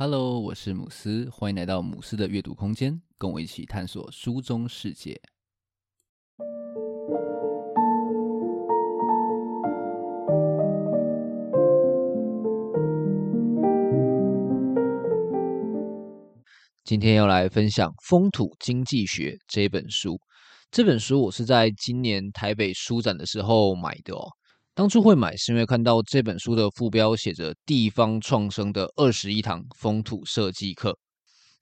Hello，我是姆斯，歡迎來到姆斯的閱讀空間，跟我一起探索書中世界。今天要來分享《風土經濟學》這本書。這本書我是在今年台北書展的時候買的哦。當初會買是因為看到這本書的副標寫着“地方創生的二十一堂風土設計課”。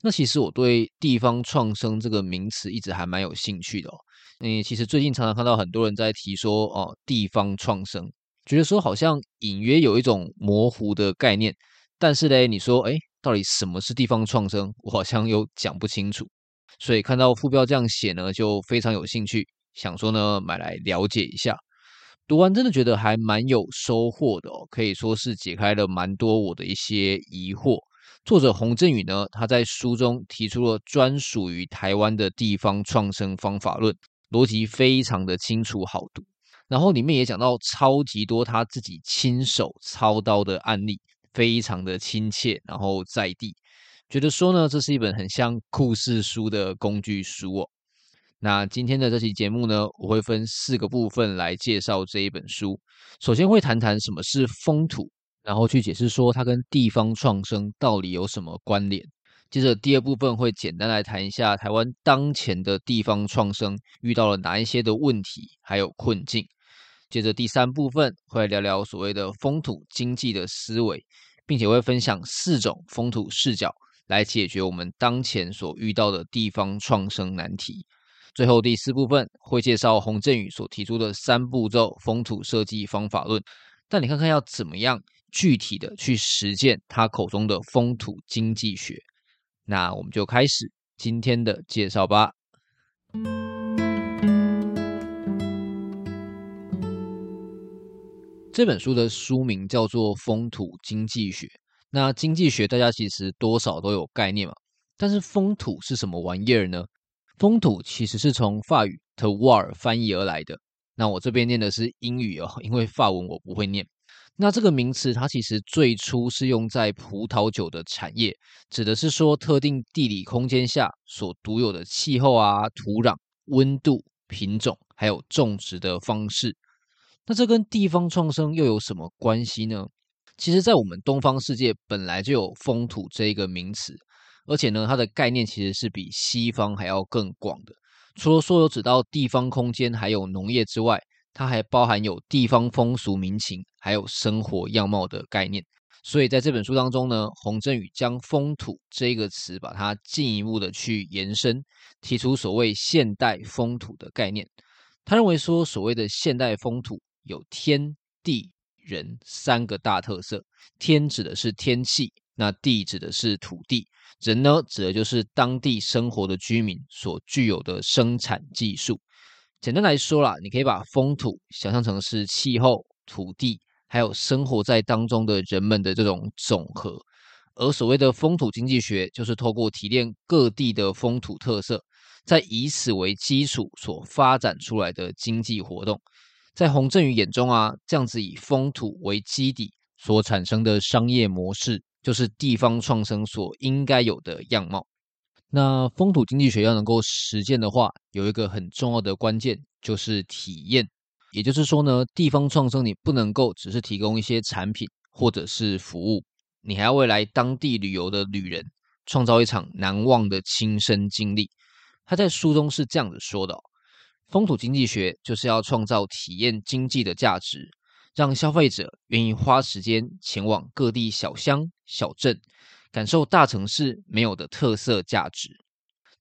那其實我對“地方創生”這個名詞一直還蠻有興趣的哦。嗯，其實最近常常看到很多人在提說哦、啊“地方創生”，覺得說好像隱約有一種模糊的概念。但是嘞，你說哎，到底什麼是地方創生？我好像又講不清楚。所以看到副標這樣寫呢，就非常有興趣，想說呢買來了解一下。讀完真的覺得還蠻有收穫的哦，可以說是解開了蠻多我的一些疑惑。作者洪震宇呢，他在書中提出了專屬於台灣的地方創生方法論，邏輯非常的清楚好讀。然後裡面也講到超級多他自己親手操刀的案例，非常的親切。然後在地覺得說呢，這是一本很像故事書的工具書哦。那今天的這期節目呢，我會分四個部分來介紹這一本書。首先會談談什麼是風土，然後去解釋說它跟地方創生到底有什麼關聯。接着第二部分會簡單來談一下台灣當前的地方創生遇到了哪一些的問題還有困境。接着第三部分會來聊聊所謂的風土經濟的思維，並且會分享四種風土視角來解決我們當前所遇到的地方創生難題。最後第四部分會介紹洪震宇所提出的三步驟風土設計方法論，但你看看要怎麼樣具體的去實踐他口中的風土經濟學。那我們就開始今天的介紹吧。這本書的書名叫做《風土經濟學》。那經濟學大家其實多少都有概念嘛，但是風土是什麼玩意兒呢？風土其實是從法語 terroir 翻譯而來的。那我這邊念的是英語哦，因為法文我不會念。那這個名詞它其實最初是用在葡萄酒的產業，指的是說特定地理空間下所獨有的氣候啊、土壤、溫度、品種，還有種植的方式。那這跟地方創生又有什麼關係呢？其實，在我們東方世界本來就有“風土”這一個名詞。而且呢，它的概念其實是比西方還要更廣的。除了說有指到地方空間，還有農業之外，它還包含有地方風俗民情，還有生活樣貌的概念。所以在這本書當中呢，洪震宇將“風土”這個詞，把它進一步的去延伸，提出所謂現代風土的概念。他認為說，所謂的現代風土有天地人三個大特色。天指的是天氣，那地指的是土地。人呢，指的就是當地生活的居民所具有的生產技術。簡單來說啦，你可以把風土想象成是氣候、土地，還有生活在當中的人們的這種總和。而所謂的風土經濟學，就是透過提煉各地的風土特色，再以此為基礎所發展出來的經濟活動。在洪震宇眼中啊，這樣子以風土為基底所產生的商業模式，就是地方創生所應該有的樣貌。那風土經濟學要能夠實踐的話，有一個很重要的關鍵，就是體驗。也就是說呢，地方創生你不能夠只是提供一些產品或者是服務，你還要為來當地旅遊的旅人創造一場難忘的親身經歷。他在書中是這樣子說的哦：風土經濟學就是要創造體驗經濟的價值。讓消費者願意花時間前往各地小鄉小鎮，感受大城市沒有的特色價值。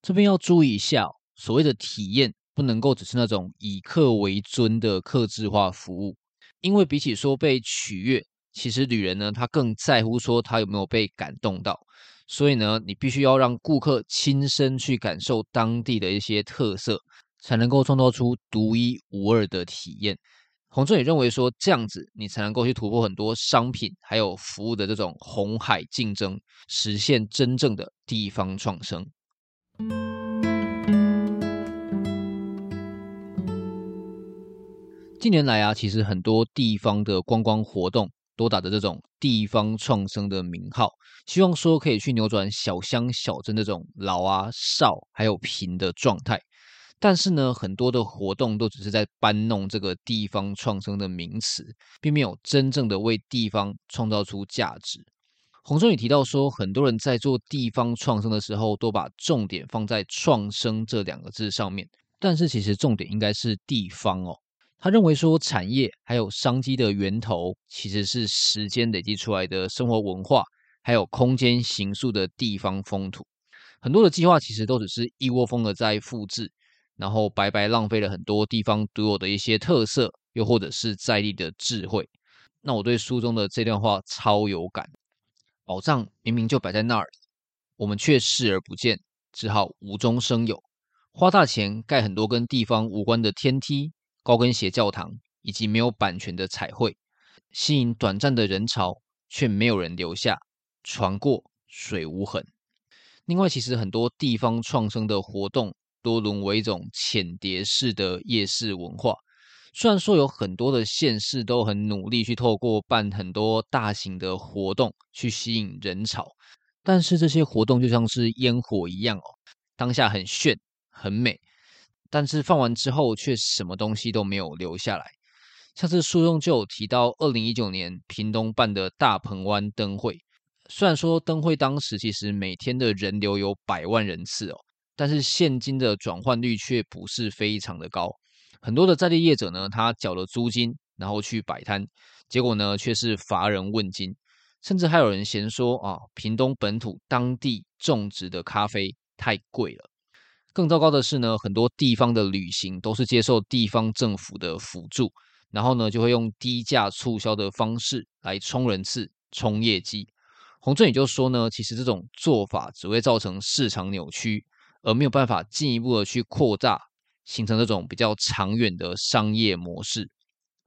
這邊要注意一下，所謂的體驗不能夠只是那種以客為尊的客製化服務，因為比起說被取悅，其實旅人呢他更在乎說他有沒有被感動到。所以呢，你必須要讓顧客親身去感受當地的一些特色，才能夠創造出獨一無二的體驗。洪正也認為說，這樣子你才能夠去突破很多商品還有服務的這種紅海競爭，實現真正的地方創生。近年來啊，其實很多地方的觀光活動都打着這種地方創生的名號，希望說可以去扭轉小鄉小鎮這種老啊少還有貧的狀態。但是呢，很多的活動都只是在搬弄這個地方創生的名詞，並沒有真正的為地方創造出價值。洪震宇提到說，很多人在做地方創生的時候，都把重點放在“創生”這兩個字上面，但是其實重點應該是地方哦。他認為說，產業還有商機的源頭，其實是時間累積出來的生活文化，還有空間形塑的地方風土。很多的計劃其實都只是一窩蜂的在複製。然後白白浪費了很多地方獨有的一些特色，又或者是在地的智慧。那我對書中的這段話超有感：寶藏明明就擺在那兒，我們卻視而不見，只好無中生有，花大錢蓋很多跟地方無關的天梯、高跟鞋教堂，以及沒有版權的彩繪，吸引短暫的人潮，卻沒有人留下。船過水無痕。另外，其實很多地方創生的活動。都淪為一種淺碟式的夜市文化。雖然說有很多的縣市都很努力去透過辦很多大型的活動去吸引人潮，但是這些活動就像是煙火一樣哦，當下很炫很美，但是放完之後卻什麼東西都沒有留下來。像是書中就有提到，二零一九年屏東辦的大鵬灣燈會，雖然說燈會當時其實每天的人流有百萬人次哦。但是現金的轉換率卻不是非常的高，很多的在地業者呢，他繳了租金，然後去擺攤，結果呢卻是乏人問津，甚至還有人嫌說啊，屏東本土當地種植的咖啡太貴了。更糟糕的是呢，很多地方的旅行都是接受地方政府的補助，然後呢就會用低價促銷的方式來衝人次、衝業績。洪震宇就說呢，其實這種做法只會造成市場扭曲。而沒有辦法進一步的去擴大，形成這種比較長遠的商業模式。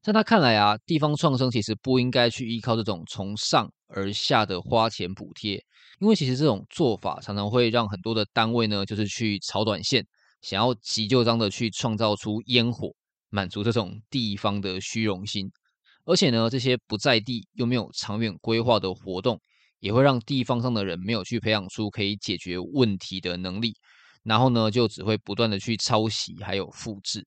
在他看來啊，地方創生其實不應該去依靠這種從上而下的花錢補貼，因為其實這種做法常常會讓很多的單位呢，就是去炒短線，想要急就章的去創造出煙火，滿足這種地方的虛榮心。而且呢，這些不在地又沒有長遠規劃的活動，也會讓地方上的人沒有去培養出可以解決問題的能力。然後呢，就只會不斷的去抄襲，還有複制。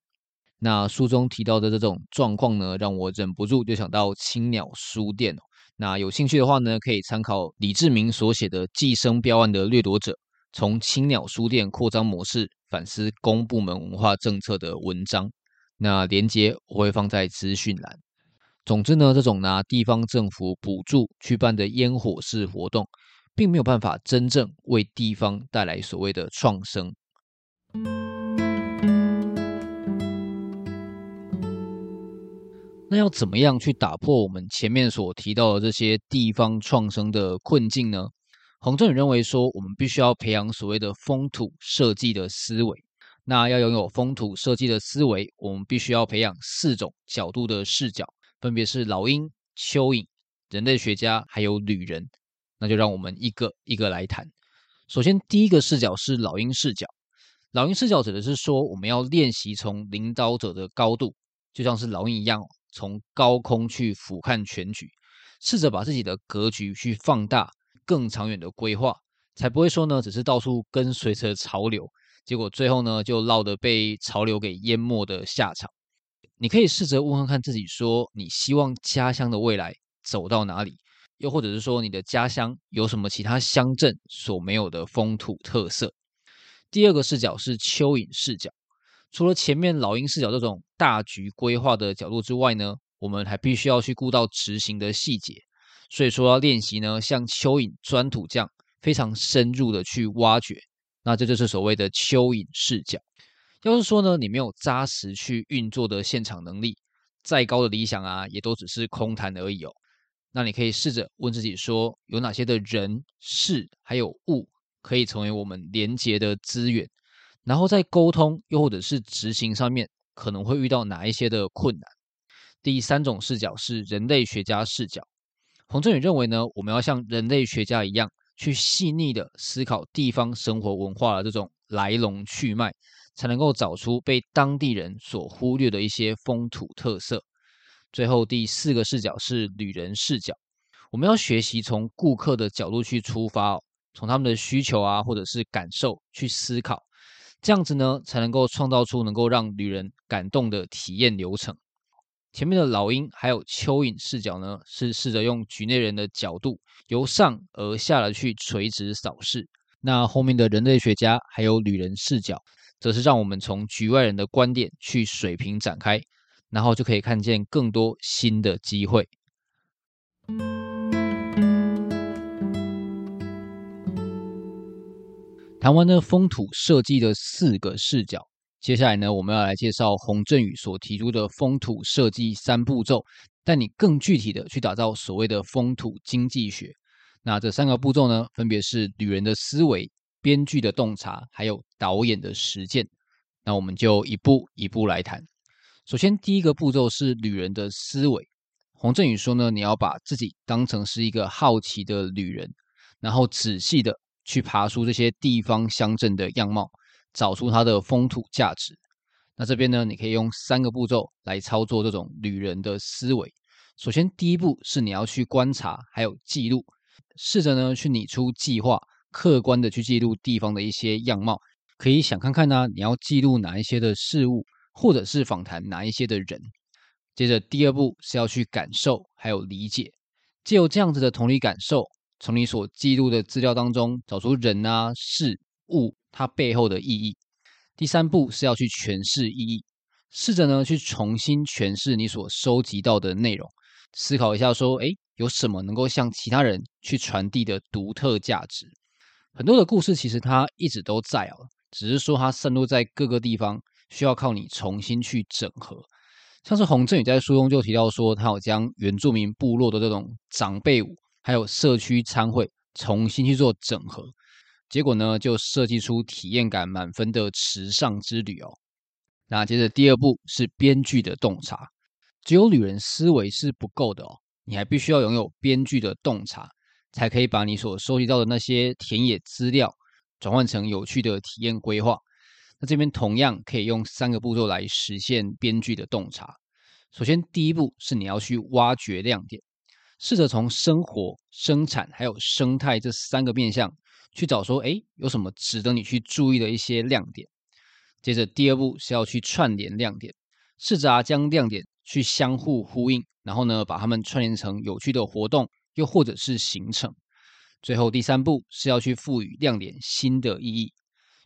那書中提到的這種狀況呢，讓我忍不住就想到青鳥書店。那有興趣的話呢，可以參考李志明所寫的《寄生標案的掠奪者：從青鳥書店擴張模式反思公部門文化政策》的文章。那連結我會放在資訊欄。總之呢，這種拿地方政府補助去辦的煙火式活動。並沒有辦法真正為地方帶來所謂的創生。那要怎麼樣去打破我們前面所提到的這些地方創生的困境呢？洪震宇認為說，我們必須要培養所謂的風土設計的思維。那要擁有風土設計的思維，我們必須要培養四種角度的視角，分別是老鷹、蚯蚓、人類學家，還有旅人。那就讓我們一個一個來談。首先，第一個視角是老鷹視角。老鷹視角指的是說，我們要練習從領導者的高度，就像是老鷹一樣，從高空去俯瞰全局，試着把自己的格局去放大，更長遠的規劃，才不會說呢，只是到處跟隨着潮流，結果最後呢，就落得被潮流給淹沒的下場。你可以試着問問看自己，說你希望家鄉的未來走到哪裡？又或者是說，你的家鄉有什麼其他鄉鎮所沒有的風土特色？第二個視角是蚯蚓視角。除了前面老鷹視角這種大局規劃的角度之外呢，我們還必須要去顧到執行的細節。所以說要練習呢，像蚯蚓鑽土這樣，非常深入的去挖掘。那這就是所謂的蚯蚓視角。要是說呢，你沒有扎實去運作的現場能力，再高的理想啊，也都只是空談而已哦。那你可以試着問自己說，有哪些的人、事還有物可以成為我們連接的資源，然後在溝通又或者是執行上面可能會遇到哪一些的困難？第三種視角是人類學家視角。洪震宇認為呢，我們要像人類學家一樣，去細膩的思考地方生活文化的這種來龍去脈，才能夠找出被當地人所忽略的一些風土特色。最後第四個視角是旅人視角，我們要學習從顧客的角度去出發，哦，從他們的需求啊或者是感受去思考，這樣子呢才能夠創造出能夠讓旅人感動的體驗流程。前面的老鷹還有蚯蚓視角呢，是試着用局內人的角度，由上而下的去垂直掃視；那後面的人類學家還有旅人視角，則是讓我們從局外人的觀點去水平展開。然後就可以看見更多新的機會。談完呢風土設計的四個視角，接下來呢我們要來介紹洪震宇所提出的風土設計三步驟，帶你更具體的去打造所謂的風土經濟學。那這三個步驟呢，分別是旅人的思維、編劇的洞察，還有導演的實踐。那我們就一步一步來談。首先，第一個步驟是旅人的思維。洪震宇說呢，你要把自己當成是一個好奇的旅人，然後仔細的去爬出這些地方鄉鎮的樣貌，找出它的風土價值。那這邊呢，你可以用三個步驟來操作這種旅人的思維。首先，第一步是你要去觀察，還有記錄，試着呢去擬出計劃，客觀的去記錄地方的一些樣貌。可以想看看呢、啊，你要記錄哪一些的事物。或者是訪談哪一些的人，接着第二步是要去感受還有理解，借由這樣子的同理感受，從你所記錄的資料當中找出人啊、事物它背後的意義。第三步是要去詮釋意義，試着呢去重新詮釋你所收集到的內容，思考一下說，誒，有什麼能夠向其他人去傳遞的獨特價值？很多的故事其實它一直都在哦、啊，只是說它散落在各個地方。需要靠你重新去整合，像是洪震宇在書中就提到說，他有將原住民部落的這種長輩舞，還有社區參會重新去做整合，結果呢就設計出體驗感滿分的池上之旅哦。那接着第二步是編劇的洞察，只有旅人思維是不夠的哦，你還必須要擁有編劇的洞察，才可以把你所收集到的那些田野資料轉換成有趣的體驗規劃。那這邊同樣可以用三個步驟來實現編劇的洞察。首先，第一步是你要去挖掘亮點，試着從生活、生產還有生態這三個面向去找說，哎，有什麼值得你去注意的一些亮點。接着，第二步是要去串聯亮點，試着啊將亮點去相互呼應，然後呢，把它們串聯成有趣的活動，又或者是行程。最後，第三步是要去賦予亮點新的意義。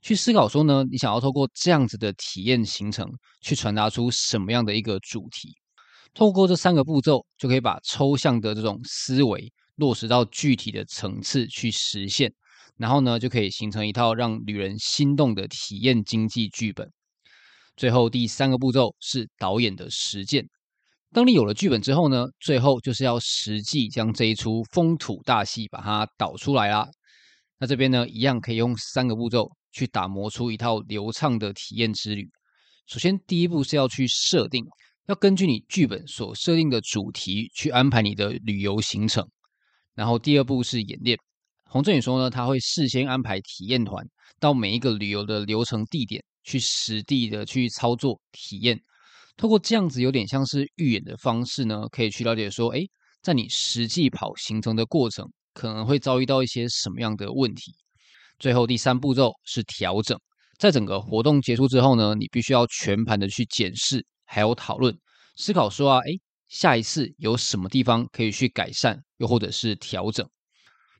去思考說呢，你想要透過這樣子的體驗行程，去傳達出什麼樣的一個主題？透過這三個步驟，就可以把抽象的這種思維落實到具體的層次去實現，然後呢，就可以形成一套讓旅人心動的體驗經濟劇本。最後第三個步驟是導演的實踐。當你有了劇本之後呢，最後就是要實際將這一出風土大戲把它導出來啦。那這邊呢，一樣可以用三個步驟。去打磨出一套流暢的體驗之旅。首先，第一步是要去設定，要根據你劇本所設定的主題去安排你的旅遊行程。然後，第二步是演練。洪震宇說呢，他會事先安排體驗團到每一個旅遊的流程地點去實地的去操作體驗。透過這樣子有點像是預演的方式呢，可以去了解說，誒，在你實際跑行程的過程，可能會遭遇到一些什麼樣的問題。最後第三步驟是調整，在整個活動結束之後呢，你必須要全盤的去檢視，還有討論，思考說啊、哎，下一次有什麼地方可以去改善，又或者是調整。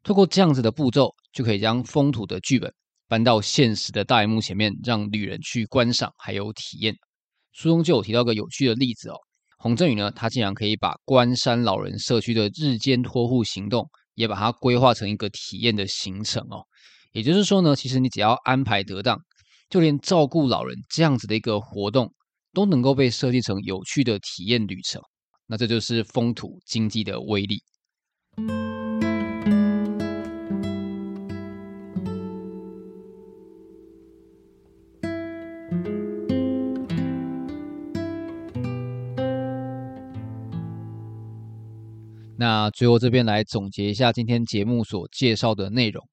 透過這樣子的步驟，就可以將風土的劇本搬到現實的大熒幕前面，讓旅人去觀賞還有體驗。書中就有提到個有趣的例子哦，洪震宇呢，他竟然可以把關山老人社區的日間托護行動，也把它規劃成一個體驗的行程哦。也就是說呢，其實你只要安排得當，就連照顧老人這樣子的一個活動，都能夠被設計成有趣的體驗旅程。那這就是風土經濟的威力。那最後這邊來總結一下今天節目所介紹的內容。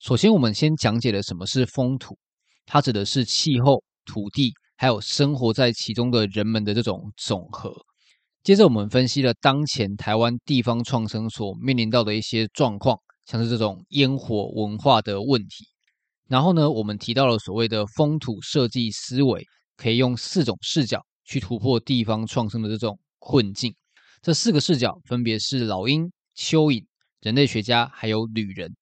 首先，我們先講解了什麼是風土，它指的是氣候、土地，還有生活在其中的人們的這種總和。接着，我們分析了當前台灣地方創生所面臨到的一些狀況，像是這種煙火文化的問題。然後呢，我們提到了所謂的風土設計思維，可以用四種視角去突破地方創生的這種困境。這四個視角分別是老鷹、蚯蚓、人類學家，還有旅人。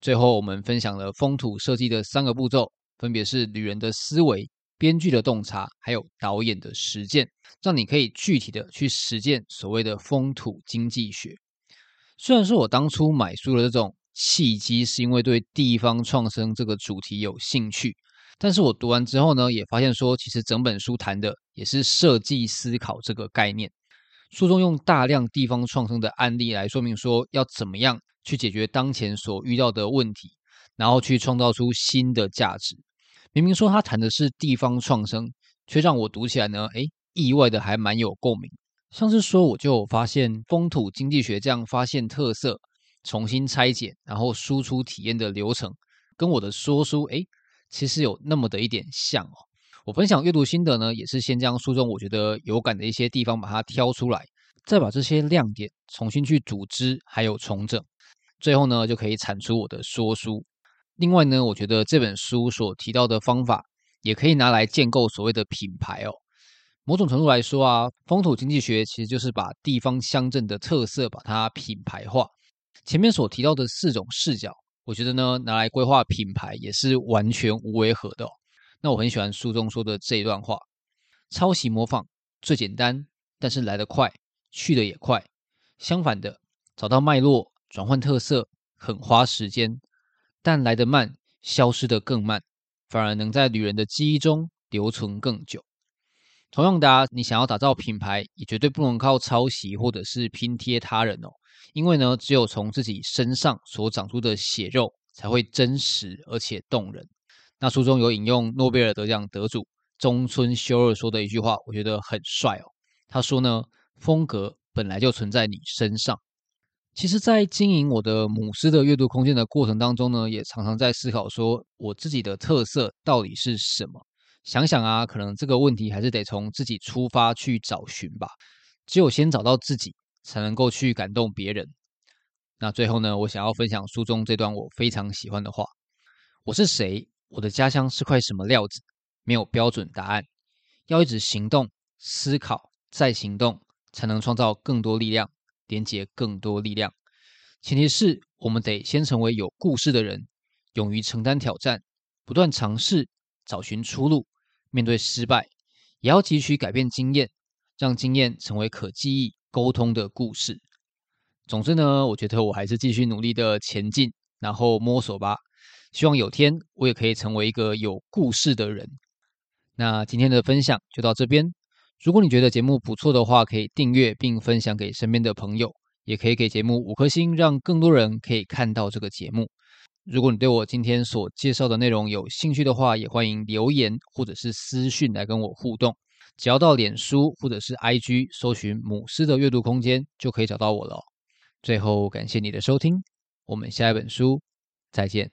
最後，我們分享了風土設計的三個步驟，分別是旅人的思維、編劇的洞察，還有導演的實踐，讓你可以具體的去實踐所謂的風土經濟學。雖然說我當初買書的這種契機是因為對地方創生這個主題有興趣，但是我讀完之後呢，也發現說，其實整本書談的也是設計思考這個概念。書中用大量地方創生的案例來說明說要怎麼樣。去解決當前所遇到的問題，然後去創造出新的價值。明明說他談的是地方創生，卻讓我讀起來呢，欸，意外的還蠻有共鳴。像是說，我就發現風土經濟學這樣發現特色，重新拆解，然後輸出體驗的流程，跟我的說書，欸，其實有那麼的一點像哦。我分享閱讀心得呢，也是先將書中我覺得有感的一些地方把它挑出來，再把這些亮點重新去組織，還有重整。最後呢，就可以產出我的說書。另外呢，我覺得這本書所提到的方法，也可以拿來建構所謂的品牌哦。某種程度來說啊，風土經濟學其實就是把地方鄉鎮的特色，把它品牌化。前面所提到的四種視角，我覺得呢，拿來規劃品牌也是完全無違和的哦。那我很喜歡書中說的這一段話：抄襲模仿最簡單，但是來得快，去得也快。相反的，找到脈絡。轉換特色很花時間，但來得慢，消失得更慢，反而能在旅人的記憶中留存更久。同樣的啊，大你想要打造品牌，也絕對不能靠抄襲或者是拼貼他人哦，因為呢，只有從自己身上所長出的血肉才會真實而且動人。那書中有引用諾貝爾得獎得主中村修二說的一句話，我覺得很帥哦。他說呢，風格本來就存在你身上。其實，在經營我的姆斯的閱讀空間的過程當中呢，也常常在思考，說我自己的特色到底是什麼？想想啊，可能這個問題還是得從自己出發去找尋吧。只有先找到自己，才能夠去感動別人。那最後呢，我想要分享書中這段我非常喜歡的話：我是誰？我的家鄉是塊什麼料子？沒有標準答案。要一直行動、思考，再行動，才能創造更多力量。連接更多力量，前提是我們得先成為有故事的人，勇於承擔挑戰，不斷嘗試，找尋出路。面對失敗，也要汲取改變經驗，讓經驗成為可記憶、溝通的故事。總之呢，我覺得我還是繼續努力的前進，然後摸索吧。希望有天我也可以成為一個有故事的人。那今天的分享就到這邊。如果你覺得節目不錯的話，可以訂閱並分享給身邊的朋友，也可以給節目五顆星，讓更多人可以看到這個節目。如果你對我今天所介紹的內容有興趣的話，也歡迎留言或者是私訊來跟我互動。只要到臉書或者是 IG 搜尋“姆斯的閱讀空間”就可以找到我了。最後感謝你的收聽，我們下一本書再見。